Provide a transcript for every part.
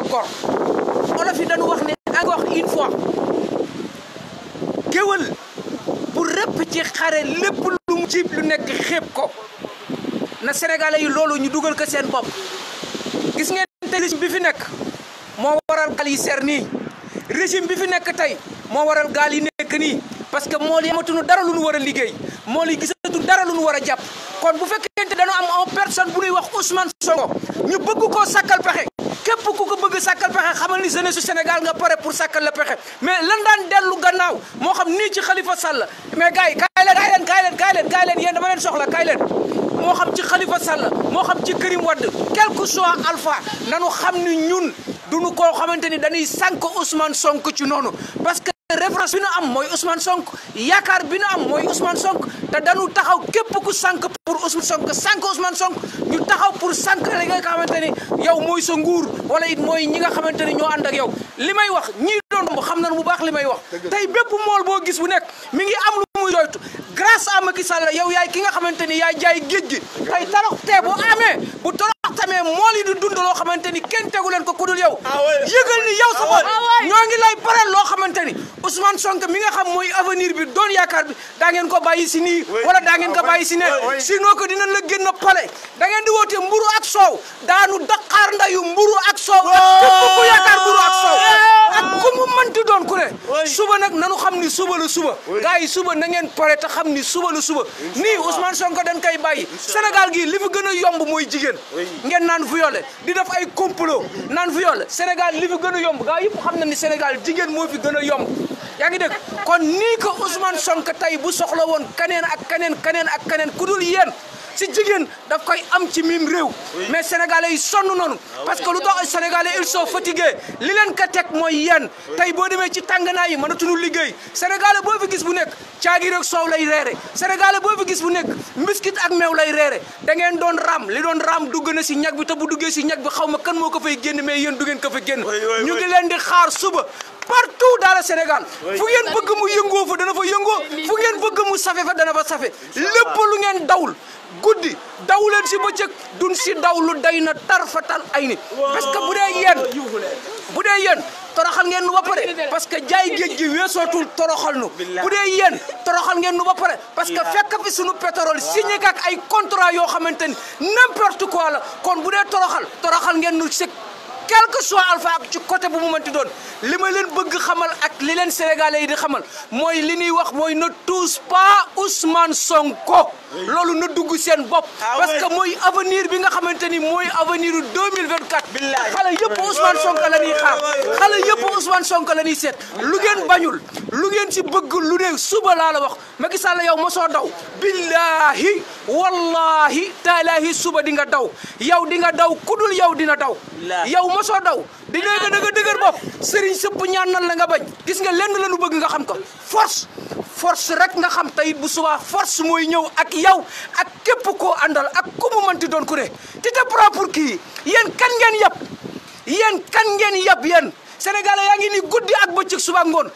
niroog gor olof yi dañu wax ne encore une fois géwël bu rëpp ci xare lépp lu mu jiib lu nekk xéeb ko na sénégalais yi loolu ñu dugal ko seen bopp gis ngeen tey régime bi fi nekk moo waral gaal yi seer nii régime bi fi nekk tey moo waral gaal yi nekk nii parce que mool yi amatuñu dara lu ñu war a liggéey mool yi gisatu dara lu ñu war a jàpp kon bu fekkente dañoo am en personne bu ñuy wax Ousmane Sonko ñu bëgg koo sàkkal pexe képp ku ko bëgg sàkkal pexe xamal ni jeunesse su Sénégal nga pare pour sàkkal la pexe mais lan daan dellu gannaaw moo xam nii ci Khalifa Sall mais gars yi kaay leen kaay leen kaay leen kaay leen kaay leen yéen leen soxla kaay leen moo xam ci Khalifa Sall moo xam ci Karim Wade quel que soit alpha nanu xam ni ñun duñu koo xamante ni dañuy sànk Ousmane sonk ci noonu parce référence bi nu am mooy Ousmane Sonko yaakaar bi nu am mooy Ousmane Sonko te dañu taxaw képp ku sànq pour Ousmane Sonko sànq Ousmane Sonko ñu taxaw pour sànq li nga xamante ni yow mooy sa nguur wala it mooy ñi nga xamante ni ñoo ànd ak yow li may wax ñii doon xam nañu bu baax li may wax tey bépp mool boo gis bu nekk mi ngi am lu muy doytu grâce à Macky Sall yow yaay ki nga xamante ni yaay jaay géej gi tey torox tee amee bu torox amee mool yi di dund loo xamante ni kenn tegu leen ko kudul yow ah yëgal ni yow sa ah bopp ah ñoo ngi lay baral loo xamante ni Ousmane Sonko mi nga xam mooy avenir bi doon yaakaar bi daa ngeen ko bàyyi si nii wala daa ngeen ko bàyyi si ne sinon ko dinañ la génn pale da ngeen di woote mburu ak soow daanu daqaar ndayu mburu ak soow képp ku yaakaar mburu ak soow ak ku mu mënti doon ku suba nag nanu xam ni suba la suba gars suba na ngeen pare te xam ni suba la suba nii Ousmane Sonko dañ kay bàyyi Sénégal gi li fi gën a yomb mooy jigéen ngeen naan violé di def ay complot naan violé Sénégal li fi gën a yomb gars yëpp xam na ni Sénégal jigéen moo fi gën a yomb yaa ngi dégg kon nii ko Ousmane Sonko tey bu soxla woon kaneen ak kaneen kaneen ak kaneen ku dul si jigéen daf koy am ci mim réew mais sénégalais yi sonn noonu ah parce que lu tax ay sénégalais ils sont fatigués li leen ka teg mooy yeen tey boo demee ci tànganaa yi mënatuñu liggéey sénégalais boo fi gis bu nekk caagi rek soow lay reere sénégalais boo fi gis bu nekk mbiskit ak meew lay reere da ngeen doon raam li doon raam dugg na si ñag bi te bu duggee si ñag bi xaw ma kan moo ko fay génn mais yéen du ngeen ko fa génn ñu ngi leen di xaar suba partout dans le Sénégal fu ngeen mu yëngoo fa dana fa yëngoo fu ngeen bëgg mu safe fa dana fa safe lépp lu ngeen dawul guddi daw leen si bëccëg duñ si daw lu day na tarfatal ay ni parce que bu dee yéen bu dee yéen toroxal ngeen nu ba pare parce que jaay géej gi weesootul toroxal nu bu dee yéen toroxal ngeen nu ba pare parce que fekk fi sunu pétrole signé ak ay contrat yoo xamante ni n'importe quoi la kon bu dee toroxal toroxal ngeen nu sëg quel que soit alpha ak ci côté bu mu mënti doon li ma leen bëgg xamal ak li leen sénégalais yi di xamal mooy li nuy wax mooy ne touche pas Ousmane Sonko loolu na dugg seen bopp parce que mooy avenir bi nga xamante ni mooy avenir u 2024 xale yëpp Ousmane Sonko la ñuy xaar xale yëpp Ousmane Sonko la ñuy seet lu ngeen bañul lu ngeen si bëgg lu ne suba laa la wax ma Macky Sall yow mosoo daw billaahi wallahi taalaahi suba di nga daw yow di nga daw kudul yow dina daw yow mosoo daw di nga dëgër bopp sëriñ sëpp ñaanal la nga bañ gis nga lenn la nu bëgg nga xam ko force force rek nga xam tey bu subaa force mooy ñëw ak yow ak képp koo àndal ak ku mu mënti doon ku ne tu te prends pour kii yéen kan ngeen yab yéen kan ngeen yab yéen sénégalais yaa ngi ni guddi ak bëccëg suba ngoon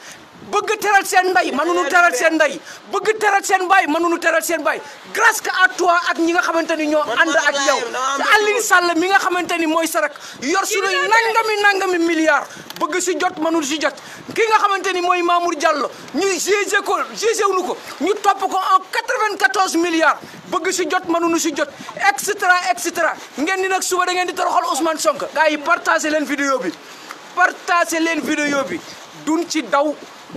bëgg teral seen ndey mënuñu teral seen ndey bëgg teral seen baay mënuñu teral seen bay grâce que à toi ak ñi nga xamante ni ñoo ànd ak yow te Aliou Sall mi nga xamante ni mooy sarak yor suñuy nangami nangami milliards bëgg si jot mënul si jot ki nga xamante ni mooy Mamour Diallo ñu jugé ko jugé wuñu ko ñu topp ko en 94 milliards bëgg si jot mënuñu si jot et cetera et cetera ngeen di nag suba da ngeen di toroxal Ousmane Sonko gars yi partagé leen vidéo bi partagé leen vidéo bi duñ ci daw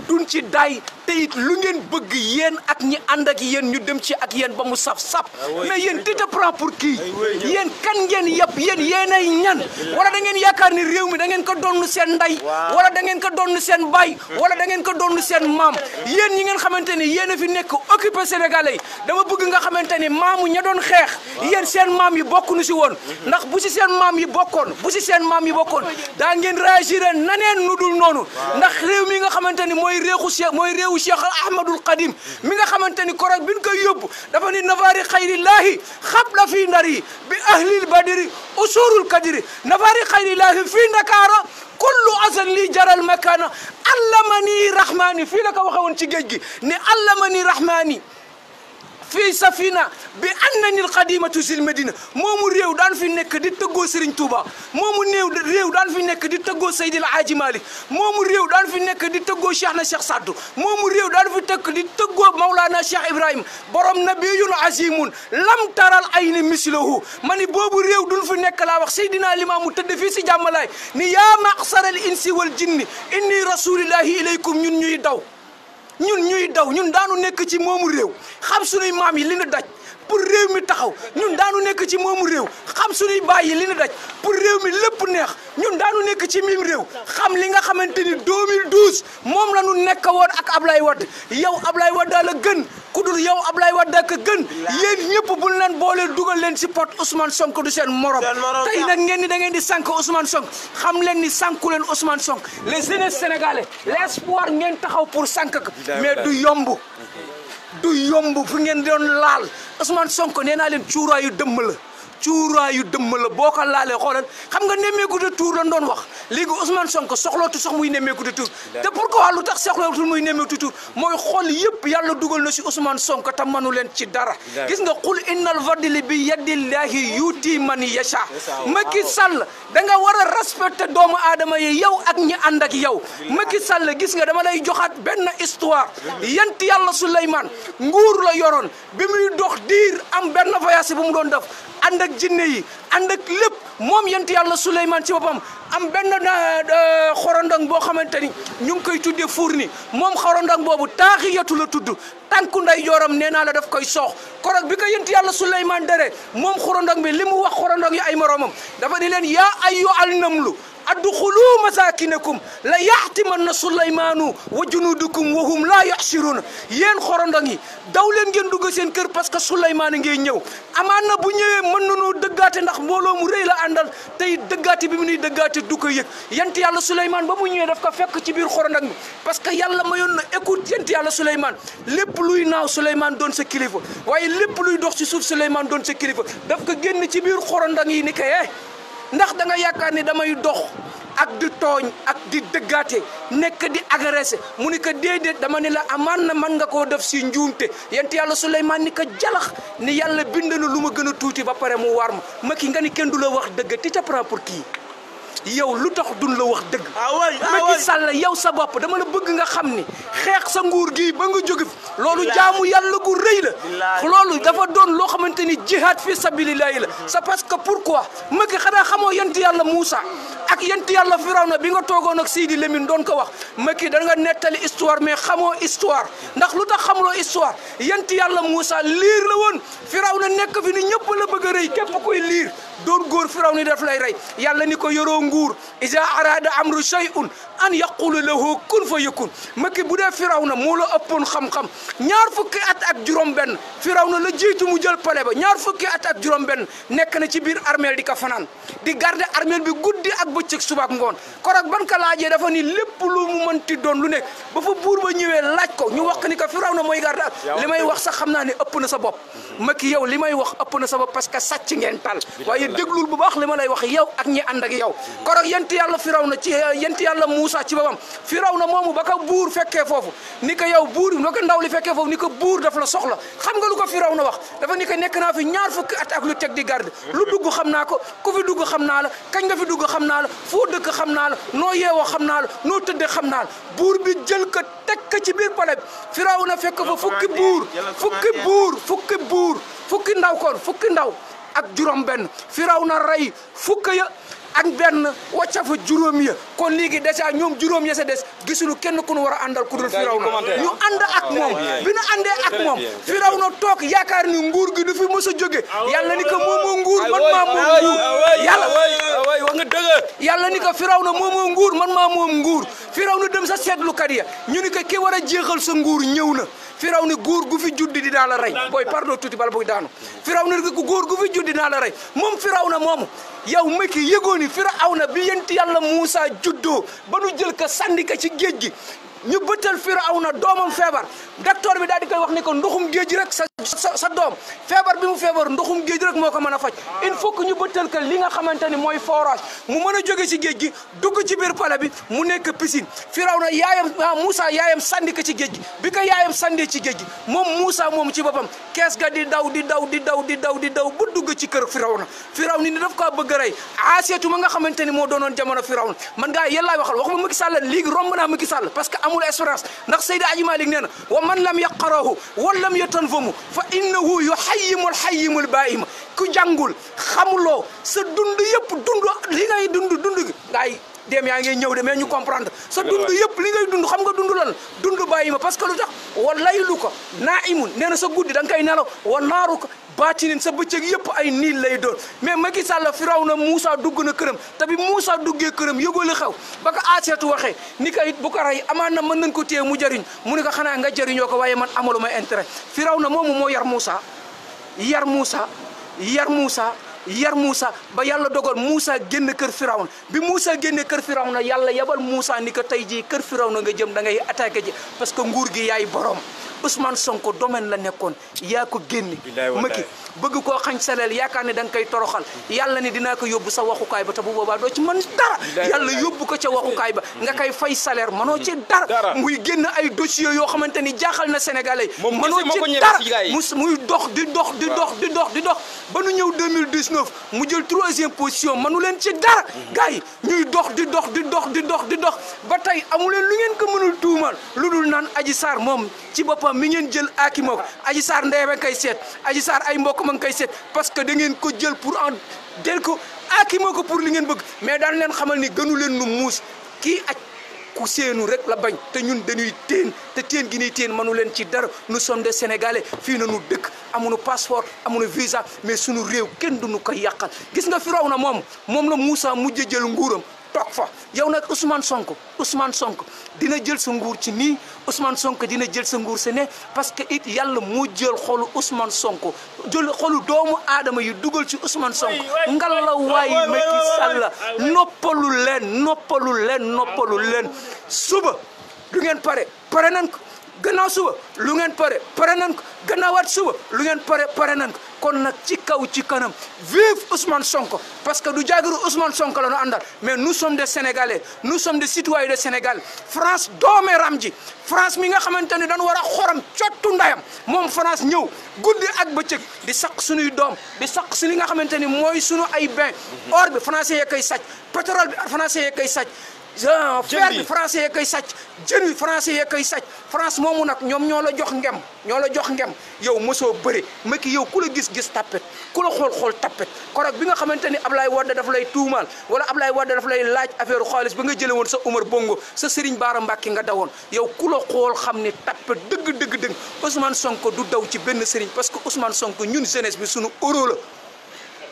duñ ci day te it lu ngeen bëgg yéen ak ñi ànd ak yéen ñu dem ci ak yéen ba mu saf-saf ah mais yéen di te prend pour kii ah yéen kan ngeen yab yéen yéenay ñan wala da ngeen yaakaar ni réew mi da ngeen ko doon seen ndey wala da ngeen ko doon seen baay wala da ngeen ko doon seen maam yéen ñi ngeen xamante ni yéen a fi nekk occupé sénégalais yi dama bëgg nga xamante ni maamu ña doon xeex yéen seen maam yi bokkuñu si woon mm-hmm. ndax bu si seen maam yi bokkoon bu si seen maam yi bokkoon daa ngeen réagir naneen nu dul noonu ndax réew mi nga xamante ni mooy réexu mooy réew wu Cheikh Ahmadul Qadim mi nga xamante ni korog bin koy yóbbu dafa ni nafaari xayrillaahi xabla fii ndari bi ahlil badiri usurul kadiri nafaari xayrillaahi fii ndakaara kullu asan lii jaral makaana allama nii rahmaani fii la ko waxee woon ci géej gi ne allama nii rahmaani fii safina bi an na nil xadimatu sil medina moomu réew daan fi nekk di tëggoo Serigne Touba moomu néew réew daan fi nekk di tëggoo Seydil Hadji Malick moomu réew daan fi nekk di tëggoo Cheikh na Cheikh Saddu moomu réew daan fi tekk di tëggoo Maulana Cheikh Ibrahima borom nabiyun azimun lam taral ayni mislahu ma ni boobu réew duñ fi nekk laa wax Seydina Limaamu tëdd fii si jàmmalaay ni yaa maqsaral insi wal jinni inni rasulillahi ilaykum ñun ñuy daw ñun ñuy daw ñun daanu nekk ci moomu réew xam suñuy maam yi li na daj pour réew mi taxaw ñun daanu nekk ci moomu réew xam suñuy mbaay yi li ñu daj pour réew mi lépp neex ñun u nekk ci mim réew xam li nga xamante ni 2012 moom la ñu nekk woon ak Ablaye Wade yow Ablaye Wade daal la gën ku dul yow Ablaye Wade ak gën yéen ñëpp buñ leen boolee dugal leen si pot Ousmane sonk du seen morom tey nag ngeen ni da ngeen di sànk Ousmane Sonko xam leen ni sànku leen Ousmane Sonko les jeunes sénégalais l'espoir ngeen taxaw pour sànk ko mais du yomb du yomb fu ngeen doon laal Ousmane Sonko nee naa leen cuuraayu dëmm la cuuraayu dëmm la boo ko laalee xoolal xam nga nemmeeku de tour lañ doon wax léegi Ousmane Sonko soxlootu sax muy nemmeeku de tour te pourquoi lu tax soxlootu muy nemmeeku de tour mooy xool yëpp yàlla dugal na si Ousmane sonk te manu leen ci dara gis nga xul innal fadli bi yadillahi yuuti man yasha Macky Sall da nga war a respecter doomu aadama yi yow ak ñu ànd ak yow Macky Sall gis nga dama lay joxaat benn histoire yant yàlla Souleymane nguur la yoroon bi muy dox diir am benn voyage bu mu doon def ànd ak jinne yi ànd ak lépp moom yent yàlla Souleymane ci boppam am benn euh, euh, xorondong boo xamante ni ñu ngi koy tuddee fourni moom xorondong boobu taaxiyatu la tudd tànku nday jooram nee naa la def koy soo korog bi ko yent yàlla Souleymane dere moom xorondong bi li mu wax xorondong yi ay moromam dafa ni leen yaa ay yo al namlu adxulu masakinakum la yaxtimanna sulaymaanu wa junudukum wa hum laa yaxsiruuna yéen xorondong yi daw leen ngeen dugg seen kër parce que sulaymaan ngay ñëw amaana bu ñëwee mën nañoo dëggaate ndax mbooloo mu rëy la àndal tey dëggaate bi mu nuy dëggaate du ko yëg yant yàlla sulaymaan ba mu ñëwee daf ko fekk ci biir xorondong bi parce que yàlla mayoon na écoute yant yàlla sulaymaan lépp luy naaw sulaymaan doon sa kilifa waaye lépp luy dox ci suuf sulaymaan doon sa kilifa daf ko génn ci biir xorondong yi ni ko ndax danga yaakaar ni damay dox ak di tooñ ak di dëggaate nekk di agressé mu ni ko déedéet dama ni la amaan na mën nga koo def si njuumte yent yàlla Suleymaan ni ko jalax ni yàlla bind na lu ma gën a tuuti ba pare mu war ma ma ki nga ni kenn du la wax dëgg te ca prend pour kii yow lu tax dun la wax dëgg. awoy ah ah Macky Sall yow sa bopp dama la bëgg nga xam ni xeex sa nguur gii ba nga jóg fi loolu jaamu yàlla gu rëy la. loolu dafa doon loo xamante ni jihad fi sabilillahi la. Mm-hmm. sa parce que pourquoi Macky xanaa xamoo yant yàlla Moussa ak yant yàlla Firawna bi nga toogoon ak Sidi Lamine doon ko wax Macky da nga nettali histoire mais xamoo histoire ndax lu tax xam xamuloo histoire yant yàlla Moussa liir la woon Firawna nekk fi ni ñëpp la bëgg a rëy képp koy liir doon góor Firawna daf lay rey yàlla ni ko yoroo nguur ida arada amru shay'un an yaqulu lahu kun fa yakun makki bu dee firawna moo la ëppoon xam-xam ñaar fukki at ak juróom-benn na la jiitu mu jël pale ba ñaar fukki at ak juróom-benn nekk na ci biir armeel di ko fanaan di garder armeel bi guddi ak bëccëg suba ak ngoon korog ban ko laajee dafa ni lépp lu mu mënti doon lu nekk ba fa buur ba ñëwee laaj ko ñu wax ni ko na mooy garder li may wax sax xam naa ne ëpp na sa bopp makki yow li may wax ëpp na sa bopp parce que sàcc ngeen tal waaye déglul bu baax li ma lay wax yow ak ñi ànd ak yow Moussa ci boppam Firawna moomu ba ko buur fekkee foofu ni ko yow buur ba ko ndaw li fekkee foofu ni ko buur daf la soxla xam nga lu ko Firawna wax dafa ni ko nekk naa fi ñaar fukki at ak lu teg di garde lu dugg xam naa ko ku fi dugg xam naa la kañ nga fi dugg xam naa la foo dëkk xam naa la noo xam naa la noo xam naa buur bi jël ko teg ko ci biir palais bi Firawna fekk fa fukki buur fukki buur fukki buur fukki ndaw kon fukki ndaw ak juróom benn Firawna rey fukk ya ak benn wacca fa juróom ya kon léegi dèjà ñoom juróom ya sa des gisuñu kenn ku nu war a àndal ku dul Firawna ñu ànd ak moom bi nu àndee ak moom Firawna toog yaakaar ni nguur gi du fi mës a jóge ah yàlla ni ko ah ah moom moo nguur man maa moom nguur yàlla yàlla ni ko Firawna moom moo nguur man maa moom nguur firaw na dem sa seetlukat ya ñu ni ko ki war a jeexal sa nguur ñëw na firaw ni góor gu fi juddi dinaa la rey booy pardon tuuti bala buy daanu firaw na góor gu fi juddi dinaa la rey moom firaw na moomu yow Macky yëgooni firaw na bi yent yàlla Moussa juddoo ba nu jël ko sànni ko ci géej gi ñu bëttal Firawna doomam feebar docteur bi daal di koy wax ni ko ndoxum géej rek sa sa doom feebar bi mu feebar ndoxum géej rek moo ko mën a faj il faut que ñu bëttal que li nga xamante ni mooy forage mu mën a jóge ci géej gi dugg ci biir pale bi mu nekk piscine Firawna yaayam ah, Moussa yaayam sandi ko ci géej gi bi ko yaayam sandee ci géej gi moom Moussa moom ci boppam kees ga di daw di daw di daw di daw di daw bu dugg ci kër Firawna Firawna ni daf ko bëgg a rey Asiyatu nga xamante ni moo doonoon jamono Firawna man ngaa yàllaay waxal waxuma Macky Sall léegi romb naa Macky Sall parce que amul assurance ndax Seydi Aji Malik nee na wa man lam yaqarahu wa lam yatanfamu fa innahu yuhayyimul hayyimul baayima ku jàngul xamuloo sa dund yëpp dund li ngay dund dund gi ngay dem yaa ngay ñëw de mais ñu comprendre sa dund yëpp li ngay dund xam nga dund lan dund bàyyi ma parce que lu tax wa laylu ko naa imun nee na sa guddi dan nga koy nelaw wa ko baatinin sa bëccëg yëpp ay niil lay doon mais Macky Sall firaw na Moussa dugg na këram te bi Moussa duggee këram yëgoo li xew ba ko Aseetu waxee ni ko it bu ko rey na mën nañ ko téye mu jariñ mu ne ko xanaa nga jariñoo ko waaye man amalu ma intérêt firaw na moomu moo yar Moussa yar Moussa yar Moussa yar Moussa ba yàlla dogal Moussa génn kër Firawna bi Moussa génnee kër Firawna yàlla yebal Moussa ni ko tey jii kër Firawna nga jëm da ngay attaqué ji parce que nguur gi yaay borom Ousmane Sonko domaine la nekkoon yaa ko génne Macky bëgg koo xañ saleel yaakaar ne da nga koy toroxal yàlla ni dinaa ko yóbbu sa waxukaay ba te bu boobaa doo ci mën dara yàlla yóbbu ko ca waxukaay ba nga kay fay salaire mënoo ci dara muy génn ay dossiers yoo xamante ni jaaxal na sénégalais mënoo ci dara muy dox di dox di dox di dox di dox ba nu ñëw 2019 mu jël troisième position mënu leen ci dara mhm. gars yi ñuy dox di dox di dox di dox di dox ba tey amu leen lu ngeen ko mënul tuumal lu dul naan Adji Sarr moom mi ngeen jël aakimoo ko Adji Sarr ndey ba seet Adji Sarr ay mbokk ma ngi koy seet parce que da ngeen ko jël pour en del ko aakimoo ko pour li ngeen bëgg mais daan leen xamal ni gënu leen nu muus kii aj ku seenu rek la bañ te ñun dañuy téen te téen gi ñuy téen mënu leen ci dara nous sommes de sénégalais fii na nu dëkk amuñu passeport amuñu visa mais suñu réew kenn duñu koy yàqal gis nga na moom moom la Moussa mujj jël nguuram toog fa na nag Ousmane Sonko Ousmane Sonko dina jël sa nguur ci nii Ousmane Sonko dina jël sa nguur sa ne parce que it yàlla moo jël xolu Ousmane Sonko jël xolu doomu aadama yu dugal ci Ousmane Sonko ngalla waayi Macky Sall noppalu leen noppalu leen noppalu leen suba lu ngeen pare pare nan ko gannaaw suba lu ngeen pare pare nan ko gannaawaat suba lu ngeen pare pare nan ko kon nag ci kaw ci kanam vive Ousmane Sonko parce que du jàggiru Ousmane Sonko la nu àndal mais nous sommes de Sénégalais nous sommes des citoyens de Sénégal France doomeeram ji France mi nga xamante ne dañu war a xorom cottu ndayam moom France ñëw guddi ak bëccëg di saq suñuy doom di saq su li nga xamante ni mooy sunu ay bain or bi français yee koy sàcc pétrole bi français yee koy sàcc ah fer bi français yee koy sàcc jën wi français yee koy sàcc France moomu nag ñoom ñoo la jox ngem ñoo la jox ngem yow mosoo bëri Macky yow ku la gis-gis tappet ku la xool-xool tappet korog bi nga xamante ni Ablaye Wade daf lay tuumaal wala Ablaye Wade daf lay laaj affaire xaalis ba nga jële woon sa Omar Bongo sa Serigne Bara Mbacké nga dawoon yow ku la xool xam ni tappet dëgg dëgg dëgg Ousmane Sonko du daw ci benn Serigne parce que Ousmane Sonko ñun jeunesse bi suñu euro la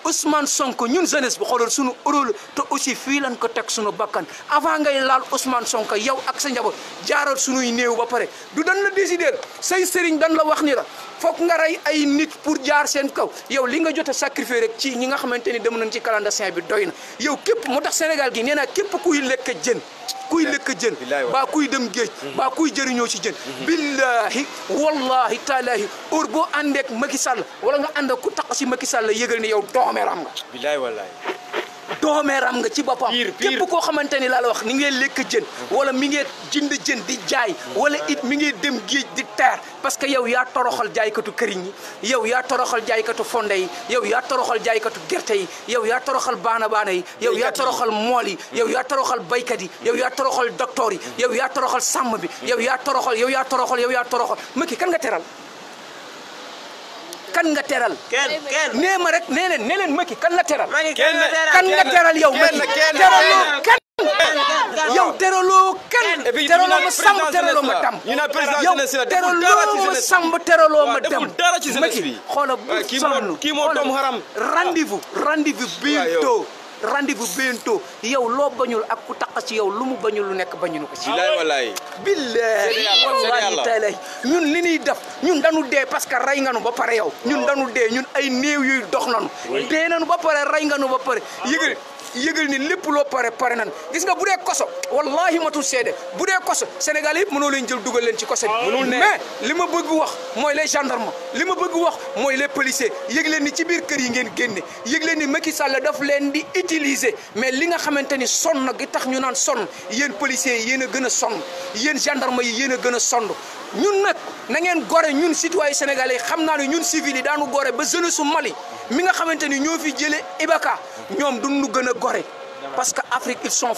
Ousmane Sonko ñun jeunesse bi xoolal sunu rôle te aussi fii lañ ko teg sunu bakkan avant ngay laal Ousmane Sonko yow ak sa njaboot jaaral sunuy néew ba pare du dañ la décider say sëriñ dañ la wax ni la foog nga rey ay nit pour jaar seen kaw yow li nga jot a sacrifier rek ci ñi nga xamante ni dem nañ ci calendrier bi doy na yow képp moo tax Sénégal gi nee naa képp kuy lekk jën. kuy lekk jën ba kuy dem géej baa kuy jëriñoo ci jën mm-hmm. billahi wallahi taalahi heure boo àndeek Macky Sall wala nga ànd ku taq si Macky Sall yëgal ne yow doomeeram nga billahi wallahi doomeeram nga ci boppam képp koo xamante ni laa wax ni ngay lekk jën wala mi ngay jënd jën di jaay wala it mi ngay dem géej di teer parce que yow yaa toroxal jaaykatu këriñ yi yow yaa toroxal jaaykatu fonde yi yow yaa toroxal jaaykatu gerte yi yow yaa toroxal baana baana yi yow yaa toroxal mool yi yow yaa toroxal baykat yi yow yaa toroxal docteur yi yow yaa toroxal sàmm bi yow yaa toroxal yow yaa toroxal yow yaa toroxal Macky kan nga teral kan nga teral. kenn kenn nee ma rek nee leen nee leen Macky kan la teral. kan nga teral yow Macky teraloo kenn. yow teraloo kenn. teraloo ma sàmm teraloo ma tam. yow teraloo ma sàmm teraloo ma dem. Macky xoola bu sonn xoola rendez-vous. rendez-vous bientôt. rendez-vous bientôt yow loo bañul ak ku tax ci yow lu mu bañul lu nekk bañu ko ci. billahi wallahi. ñun li ñuy def ñun dañu dee parce que rey nga nu ba pare yow ñun dañu dee ñun ay néew yuy dox nanu dee nanu ba pare rey nga nu ba pare ah. yëgal yëgal ni lépp loo pare pare nan gis nga bu dee koso wallahi matul seede bu dee koso Sénégal yëpp mënoo leen jël dugal leen ci koso ni mais li ma bëgg wax mooy les gendarmes li ma bëgg wax mooy les policiers yëg leen ni ci biir kër yi ngeen génne yëg leen ni Macky Sall daf leen di utiliser mais li nga xamante ni sonn gi tax ñu naan sonn yéen policiers yéen a gën a sonn yéen gendarmes yi yéen a gën a sonn ñun nag na ngeen gore ñun citoyen sénégalais xam naa ne ñun civil yi daanu gore ba jeunesse su Mali mi nga xamante ni ñoo fi jëlee Ibaka ñoom duñu gën a gore parce que Afrique ils sont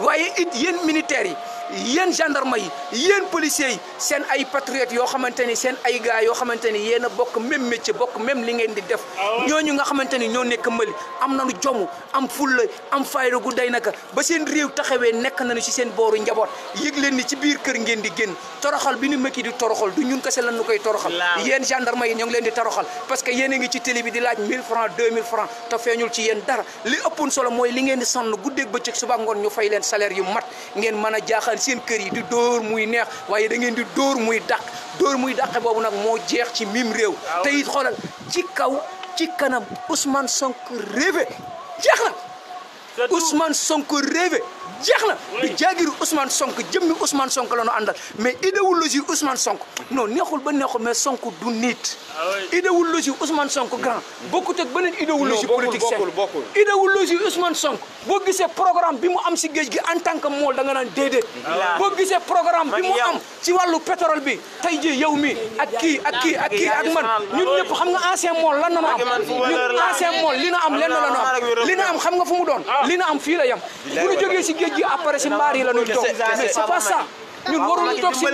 waaye it yéen militaires yi. yéen gendarme yi yéen policiers yi seen ay patriotes yoo xamante ni seen ay gars yoo xamante ni yéen a bokk même métier bokk même li ngeen di def. Ah ñooñu nga xamante ni ñoo nekk Mali am nañu jomu am fulla am fayda gu day naka ba seen réew taxawee nekk nañu ci seen booru njaboot yëg leen ni ci biir kër ngeen di génn toroxal bi ñu mëkki di toroxal du ñun kese lan nu koy toroxal. yéen gendarme yi ñoo ngi leen di toroxal parce que yéen a ngi ci télé bi di laaj 1000 francs 2000 francs te feeñul ci yéen dara li ëppoon solo mooy li ngeen di sonn guddeeg bëccëg suba ngoon ñu fay leen salaire yu mat ngeen mën a jaaxal fanaan seen kër yi di dóor muy neex waaye da ngeen di dóor muy daq dóor muy dàq boobu nag moo jeex ci miim réew ah te it xoolal ci kaw ci kanam Ousmane Sonko rêvé jeex na Ousmane Sonko rêvé jeex na du jaagiru Ousmane Sonko jëmmi Ousmane Sonko la ñu àndal mais idéologie Ousmane Sonko non neexul ba neexul mais Sonko du nit ah idéologie Ousmane Sonko grand bokkut ak beneen idéologie politique seen idéologie Ousmane Sonko boo gisee programme bi mu am si géej gi en tant que mool da nga naan déedéet ah boo gisee programme mu am ci wàllu pétrole bi tey jii yow mi ak kii ak kii ak kii ak man ñun ñëpp xam nga ancien mool lan na am ñun li na am lenn la na am li na am xam nga fu mu doon ah. li na am fii la yam bu ñu jógee si géej mujj après si mbaar yi la ñuy toog mais c'est pas ça ñun waruñu toog si si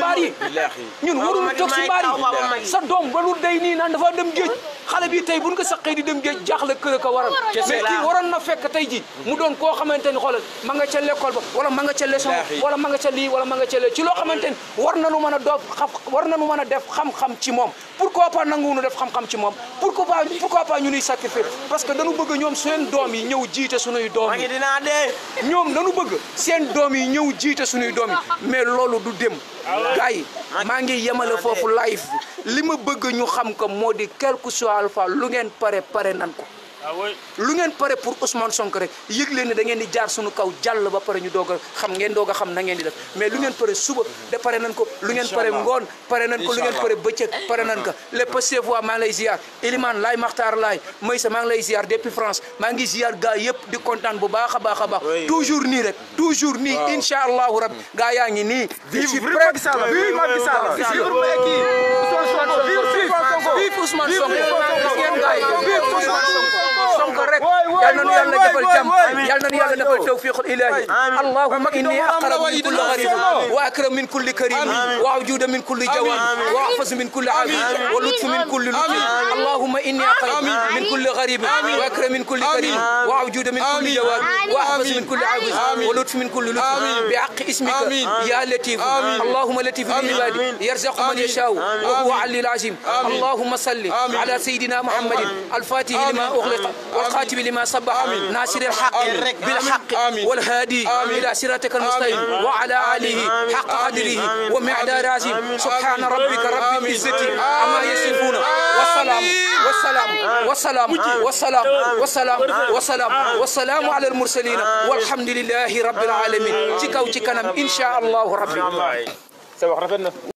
mbaar yi sa doom balul day nii naan dafa dem géej xale bi tey buñ ko sa di dem géej jaaxle kër a waral mais kii waroon na fekk tey ji mu doon koo xamante ni xoolal ma nga ca l'école ba wala ma nga ca leçon wala nga ca lii wala ma nga ca lee ci loo xamante ni war nanu mën a doof war nanu mën a def xam-xam ci moom pourquoi pas nanguwunu def xam-xam ci moom pourquoi pas pourquoi pas ñu nuy sacrifier parce que dañu bëgg ñoom seen doom yi ñëw jiite suñuy doom yi ñoom dañu bëgg seen doom yi ñëw jiite suñuy doom yi mais loolu du dem gars yi maa ngi yemale foofu live li ma bëgg ñu xam ko moo di quelque soit alpha lu ngeen pare pare nan ko Ah lu ngeen pare pour Ousmane Sonko rek yëg leen ne da ngeen di jaar suñu kaw jàll ba pare ñu doog a xam ngeen doog a xam na ngeen di def mais lu ngeen pare suba de pare nañ ko lu ngeen pare ngoon pare nañ ko lu ngeen pare bëccëg pare nañ ko les Pastef waa maa ngi lay ziar Elimane Laay Maxtaar Laay Maysa maa ngi lay ziar depuis France maa ngi ziar ga yëpp di kontaan bu baax a baax a baax toujours nii rek toujours nii incha allahu rabbi ga yaa ngi nii vive Macky Sall vive Macky Sall defal rek yal na nu yàlla defal jàmm yal na nu yàlla defal tawfiqul ilahi allahumma inni aqrab min kulli gharib wa akram min kulli karim wa awjuda min kulli jawad wa ahfaz min kulli aafid wa lutf min kulli lutf allahumma inni aqrab min kulli gharib wa akram min kulli karim wa awjuda min kulli jawad wa ahfaz min kulli aafid wa lutf min kulli lutf bi haqqi ismika ya latif allahumma latif bi ibadi yarzuqu man yashau wa huwa alil azim allahumma salli ala sayyidina muhammadin al-fatih lima ughliqa الخاتم لما سبق ناصر الحق بالحق والهادي إلى صراطك المستقيم وعلى آله حق قدره ومعدار عظيم سبحان ربك رب العزة عما يصفون والسلام والسلام والسلام والسلام والسلام والسلام والسلام على المرسلين والحمد لله رب العالمين ci kaw ci kanam insha Allah rabbi sa wax rafet na